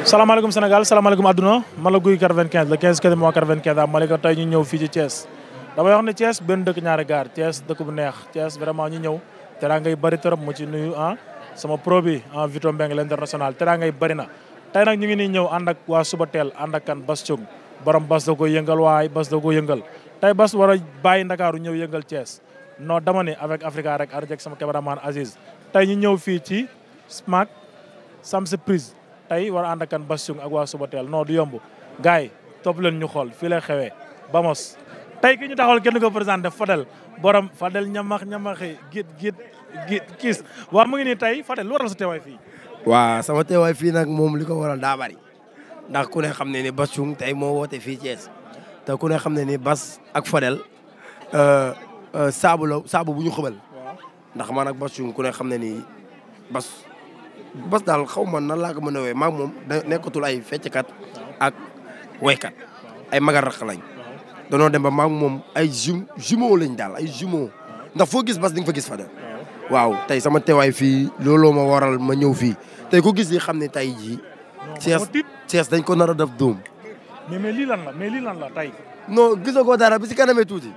Assalamualaikum Senegal, assalamualaikum Aduna, man gue karven kaya, le 15 quinze mois 95 daal Malika tey ñu ñëw fii ci Thiès damay wax ne Thiès benn dëkk chess gaar Thiès dëkk bu neex Thiès vraiment ñu ñëw ngay ah sama probi bi en ah, Vito nasional, l'international teraa ngay na tey nag ñu ngi nii ñëw ak kan Bas Thiong borom Bas da ko yëngal waay Bas da ko yëngal tey Bas war a bàyyi ñëw yëngal Thiès dama ne avec Africa rek ànd sama cameraman Aziz tay ñu Fiji, smart, ci Sam Surprise tey war a ànd ak kan Bassirou ak waa Subatel non du yomb gars yi topp leen ñu xool fii lay xewee Bamos. tey ki ñu taxawal kenn ko présenté Fadel borom Fadel ñamax ñamaxi git git git kiis waaw mu ngi nii tey Fadel lu waral sa teewaay fii. waa sama teewaay fii nag moom li ko waral daa bari ndax ku ne xam ne ni Bassirou tey moo woote fii Thiès te ku ne xam ne ni bas ak Fadel euh, euh, saabu la saabu bu ñu xëbal ndax man ak Bassirou ku ne xam ne ni Bass. bas daal xaw ma nan laa ko mën a woowee maag moom da nekkatul ay fecckat ak woykat ay magar raq lañ danoo dem ba maag moom ay jum jumeau lañ daal ay jumeau ndax foo gis bas di nga fa gis fa de waaw tey sama teewaay fii looloo ma waral ma ñëw fii tey ku gis yi xam ne tey jii Thiès Thiès dañ ko nar a def dóom mais mais lan la mais lii lan la tey non gisagoo dara bi si kanamee tuuti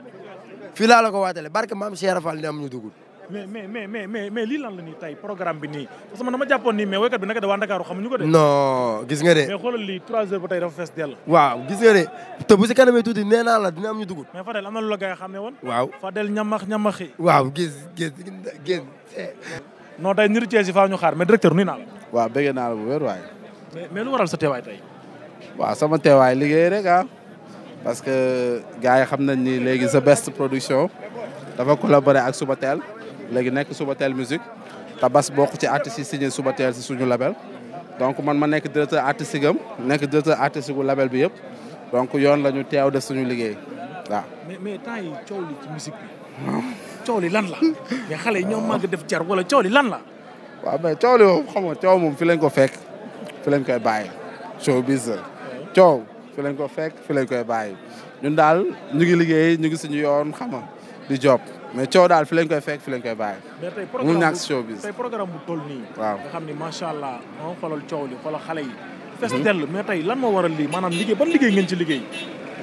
fii laa la ko waatale barke maam Cheikh Fall ne am ñu dugul mais mais mais mais mais lii lan la nii tey programme bi ni parce que man dama ni nii mais woykat bi naka da waa Ndakaaru xamuñu ko de. non gis nga de. mais heures ba tey dafa fees dell. waaw gis nga de te kana si kanamee ne nee naa la dina am ñu dugub. mais Fadel am na lu la gars yi xamee woon. waaw Fadel ñamax ñamax yi. waaw gis gis gis. non tey yi ñu xaar mais directeur nuyu naa la. waaw bëgg naa la bu wér waay. lu waral sa teewaay tey. waaw sama teewaay liggéey rek ah. parce que gars yi xam nañ ni léegi sa Best Production dafa collaboré ak Subatel léegi nekk Subatel musique te Bass bokk ci artistes yi signé Subatel si suñu labeel donc man ma nekk directeur artistique am nekk directeur artistique labeel label bi yëpp donc yoon la ñu teew def suñu liggéey waaw. mais mais temps yi coow li ci musique bi. coow li lan la. mais xale yi ñoom màgg wala coow li lan la. waaw mais coow nga coow moom fi lañ ko fekk fi lañ koy bàyyi showbiz la coow fi lañ ko fekk fi lañ koy bàyyi ñun daal ñu ngi liggéey ñu ngi suñu yoon xam nga di job mais coow daal fi lañ koy fekk fi lañ koy bàyyi. mu ñàkk showbiz tey programme bu xam ne macha allah moo xoolal coow li xoolal xale yi. Mhm. dell mais tey lan moo waral lii maanaam liggéey ban liggéey ngeen liggéey.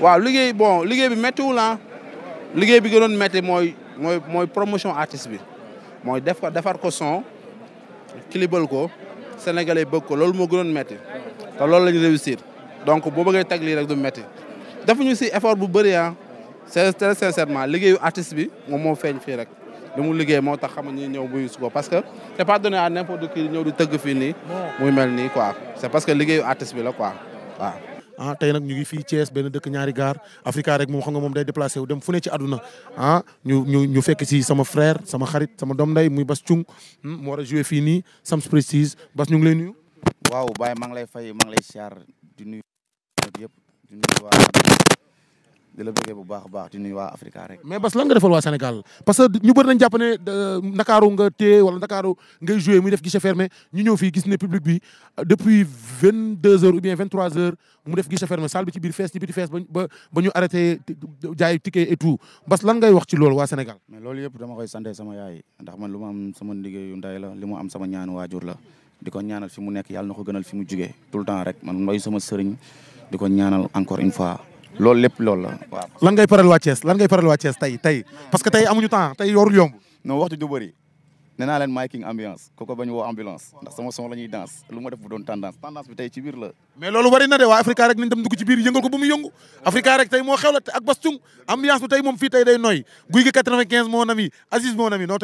waaw liggéey bon liggéey bi méttiwul ah. liggéey bi gënoon métti mooy mooy mooy promotion artiste bi mooy def ko defar ko son kilibal ko sénégalais bëgg ko loolu moo gënoon métti te loolu lañ réussir donc boo bëggee teg lii rek du métti defuñu si effort bu bëri ah. c'est très sincèrement liggéeyu artiste bi moom moo feeñ fii rek li mu liggéey moo tax xam nga ñëw buy su parce que c'est pas donné à n'importe qui ñëw di tëgg fii nii muy mel nii quoi c'est parce que liggéeyu artiste bi la quoi waaw ah ñu ngi fii Thiès benn dëkk ñaari gaar Africa rek moom xam nga moom day déplacé wu dem fu ne ci àdduna ah, ñu ñu fekk si sama frère sama xarit sama doom nday muy Bass Thioung hmm, mu war a joué fii nii Sams Prestige Bass ñu ngi lay nuyu waaw Baye maa ngi lay fay maa ngi lay siyaar yëpp di di la bëggee a baax di nuyu waa Africa rek. mais bas lan nga defal waa Sénégal euh, euh, depuis vingt deux heures ou bien mu def guichet fermé salle bi ci biir fees ba ñu arrêté jaay ticket et tout bas lan ngay wax ci loolu waa Sénégal. mais loolu yëpp dama koy sante sama yaay ndax man lu ma am sama liggéeyu nday la li mu am sama ñaanu waajur la di ko ñaanal fi mu nekk yàlla na ko fi mu jugee tout le temps rek man mooy sama sëriñ di ñaanal encore une fois loolu lépp loolu la waaw. lan ngay faral waa Thiès lan ngay faral waa Thiès tey tey parce que tey amuñu temps tey yorul yomb. non waxtu du bëri nee naa leen making ambiance kooku bañ woo ambulance ndax sama son la ñuy danse def bu tendance tendance bi tey ci biir la. mais loolu bari de waa Africa rek nañ dem dugg ci biir yëngal ko bu mu yëngu. rek tey moo xew la ak Bastung ambiance bi tey moom fii tey day noy guy gi 95 moo na mi Aziz moo na mi noo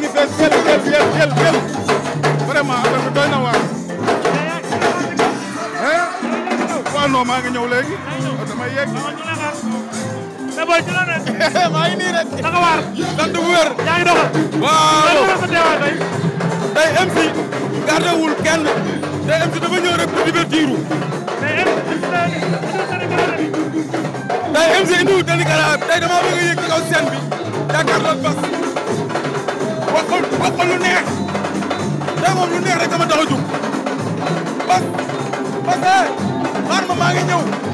ngi fees jël jël jël jël vraiment affaire bi doy na waar. eh waaw non maa ngi ñëw léegi. Oh, damay yegg. ngi nii rek. naka waar. sant bu wul kenn. a wax ko wax ko lu neex tey moom lu neex rek dama tax a jug parce eh, parce que xaar ma maa ngi ñëw.